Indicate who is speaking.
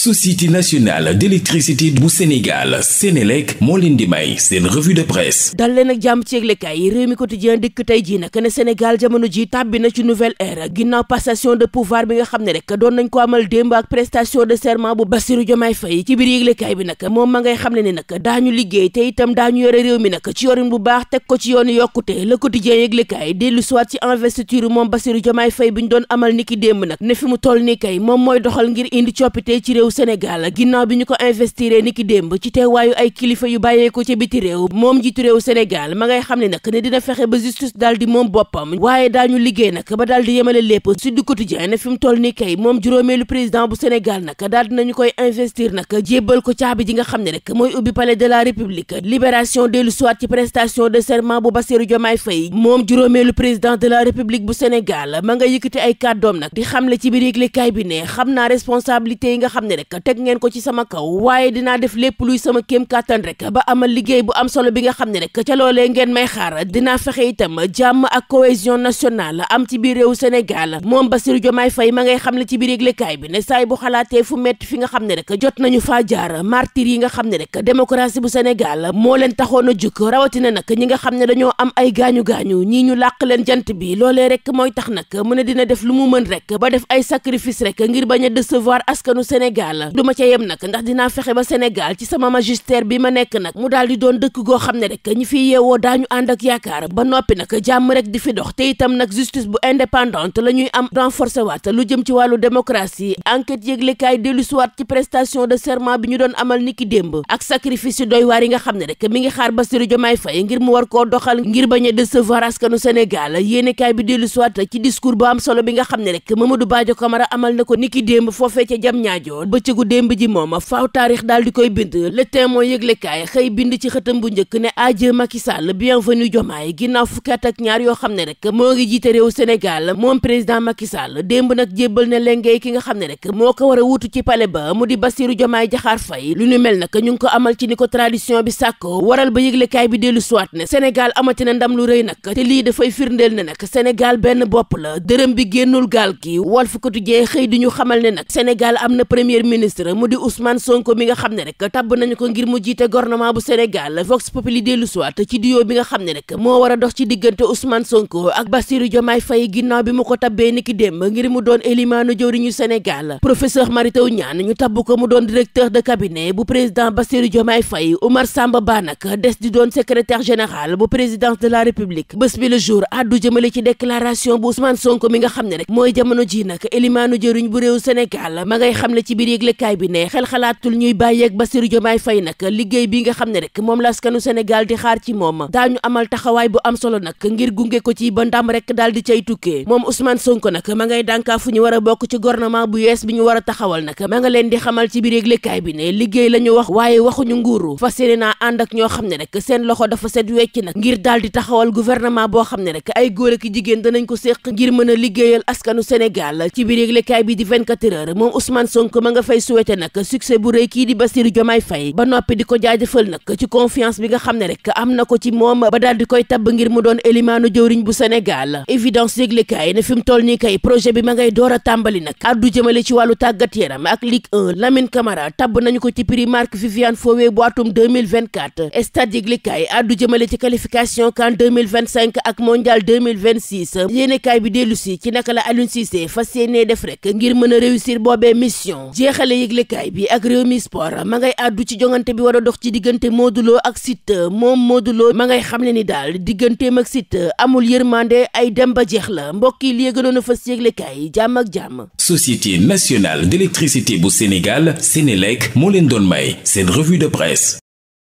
Speaker 1: société nationale d'électricité bu Sénégal Sénélec moo leen di may seen revue de presse dal leen ak jàmm ci yëglekaay yi réew mi quotidien dikk tey jii nag ne Sénégal jamono ji tàbbi na ci nouvelle ère ginnaaw passation de pouvoir bi nga xam ne rek doon nañ ko amal démb ak prestation de serment bu Bassirou Diomaye Faye ci biir yëglekaay bi nag moom ma ngay xam ne ni nag daañu liggéey te itam daañu yore réew mi nag ci yorin bu baax teg ko ci yoonu réew Sénégal ginnaaw bi ñu ko investiré ni ki démb ci teewaayu ay kilifa yu bàyyeeko ci biti moom jiitu réew Sénégal ma xam ne nag ne dina fexe ba justice daal di moom boppam waaye daañu liggéey nag ba daal di yemale lépp Sud Quotidien ne fi toll ni kay moom juróomeelu président bu Sénégal nag daal dinañu koy investir nag jébbal ko caabi ji nga xam ne rek mooy ubbi palais de la République libération dellu soit ci prestation de serment la République bu Sénégal ma nga yëkkati ay kàddoom rek teg ngeen ko ci sama kaw waaye dinaa def lépp luy sama kéem kàttan rek ba amal liggéey bu am solo bi nga xam ne rek ca loolee ngeen may xaar dinaa fexe itam jàmm ak cohésion nationale am ci biir réew Sénégal moom Bassirou Diomaye Faye ma ngay xam ne ci biir yëglekaay bi ne saay bu xalaatee fu metti fi nga xam ne rek jot nañu faa jaar martyr yi nga xam ne moo leen taxoon a jug rawatina nag ñi nga xam ne dañoo am ay gaañu-gaañu ñii ñu làq leen jant bi loolee rek mooy tax nag mu ne dina def lu mu mën rek ba def ay sacrifice rek ngir bañ a décevoir askanu Sénégal Sénégal du ma ca yem nag ndax ba Sénégal ci sama bi ma nekk nag mu daal di doon dëkk goo xam ne rek ñi fi yeewoo daañu ànd ak yaakaar ba noppi nag jàmm rek di fi dox te itam nag bu indépendante la ñuy am renforcé waat lu jëm ci wàllu démocratie enquête yëglekaay dellu siwaat ci prestation de serment bi ñu doon amal niki démb ak sacrifice yu doy waar yi nga xam ne rek mi ngi xaar Bassirou Diomaye Faye ngir mu war koo doxal ngir ba bañ a décevoir askanu Sénégal yéenekaay bi dellu siwaat ci discours bu am solo bi nga xam ne rek Mamadou Badio Camara amal na ko niki démb foofee ca jam ñaajoo bëccëgu démb ji moom faaw taarix daal di koy bind le témoin yëglekaay xëy bind ci xëtam bu njëkk ne adieu Macky Sall bienvenue Diomaye ginnaaw fukki at ak ñaar yoo xam ne rek moo ngi jiite réew senegal moom président Macky Sall démb nag jébbal na lengey ki nga xam ne rek moo ko war a wuutu ci pale ba mu di Bassirou Diomaye Diakhar fay lu ñu mel nag ñu ngi ko amal ci ni ko tradition bi sàkko waral ba yëglekaay bi dellu suwaat ne Sénégal amati na ndam lu rëy nag te lii dafay firndeel ne nag Sénégal benn bopp la dërëm bi génnul gaal gi Walf Quotidien ñu xamal ne Sénégal am na premier ministre mu di Ousmane Sonko mi nga xam ne rek tabb nañu ko ngir mu jiite gouvernement bu Sénégal Vox Populi dellu soit ci duyoo bi nga xam ne rek moo war a dox ci diggante Ousmane Sonko ak Bassirou Diomaye Faye ginnaaw bi mu ko tabbee niki démb ngir mu doon élimaanu jëwriñu Sénégal professeur Mary Teuw Niane ñu tabb ko mu doon directeur de cabinet bu président Bassirou Diomaye Faye Oumar Samba Ba nag des di doon secrétaire général bu présidence de la République bés bi le jour àddu jëmale ci déclaration mi nga xam ne rek yëglekaay bi ne ñuy bàyyeeg Bassirou Diomaye Faye liggéey bi nga xam ne rek moom la askanu Sénégal di xaar ci moom daañu amal taxawaay bu am solo nag ngir gunge ko ci ba ndam rek daal di cay tukkee moom Ousmane Sonko nag ma ngay dànkaa fu ñu war a bokk ci gouvernement bu yees bi ñu war a taxawal nag ma nga leen di xamal ci biir yëglekaay bi ne liggéey la ñu wax waaye waxuñu nguuru fas yéene naa ànd ak ñoo xam ne rek seen loxo dafa set wecc nag ngir daal di taxawal gouvernement boo xam ne rek ay góor ak jigéen danañ ko séq ngir mën a liggéeyal askanu Sénégal ci biir yëglekaay bi di 24 heures moom Ousmane Sonko ma nga dafay souhaité nag succès bu rëy kii di Bassirou Diomaye Faye ba noppi di ko jaajëfal nag ci confiance bi nga xam ne rek am na ko ci moom ba daal di koy tab ngir mu doon élimaanu jëwriñ bu Sénégal évidence yëglekaay ne fi mu toll nii kay projet bi ma ngay door a tàmbali nag addu jëmale ci wàllu tàggat yaram ak Ligue 1 Lamine Camara tabb nañu ko ci prix Marc Viviane Fowé bu atum 2024 stade yëglekaay addu jëmale ci qualification CAN 2025 ak mondial 2026 yéenekaay bi dellu si ci naka la Aliou Cissé fas yéenee def rek ngir mën a réussir boobee mission jeexale yëglekaay bi ak réew mi sport ma ngay àddu ci jongante bi war a dox ci diggante Modou Lo ak sit moom Modou Lo ma ngay xam ne ni daal digganteem ak Siteu amul yërmande ay dem ba jeex la mbokk yi li gënoon a fas yëglekaay jàmm ak jàmm. Société nationale d'électricité bu Sénégal Sénélec moo leen doon may seen revue de presse.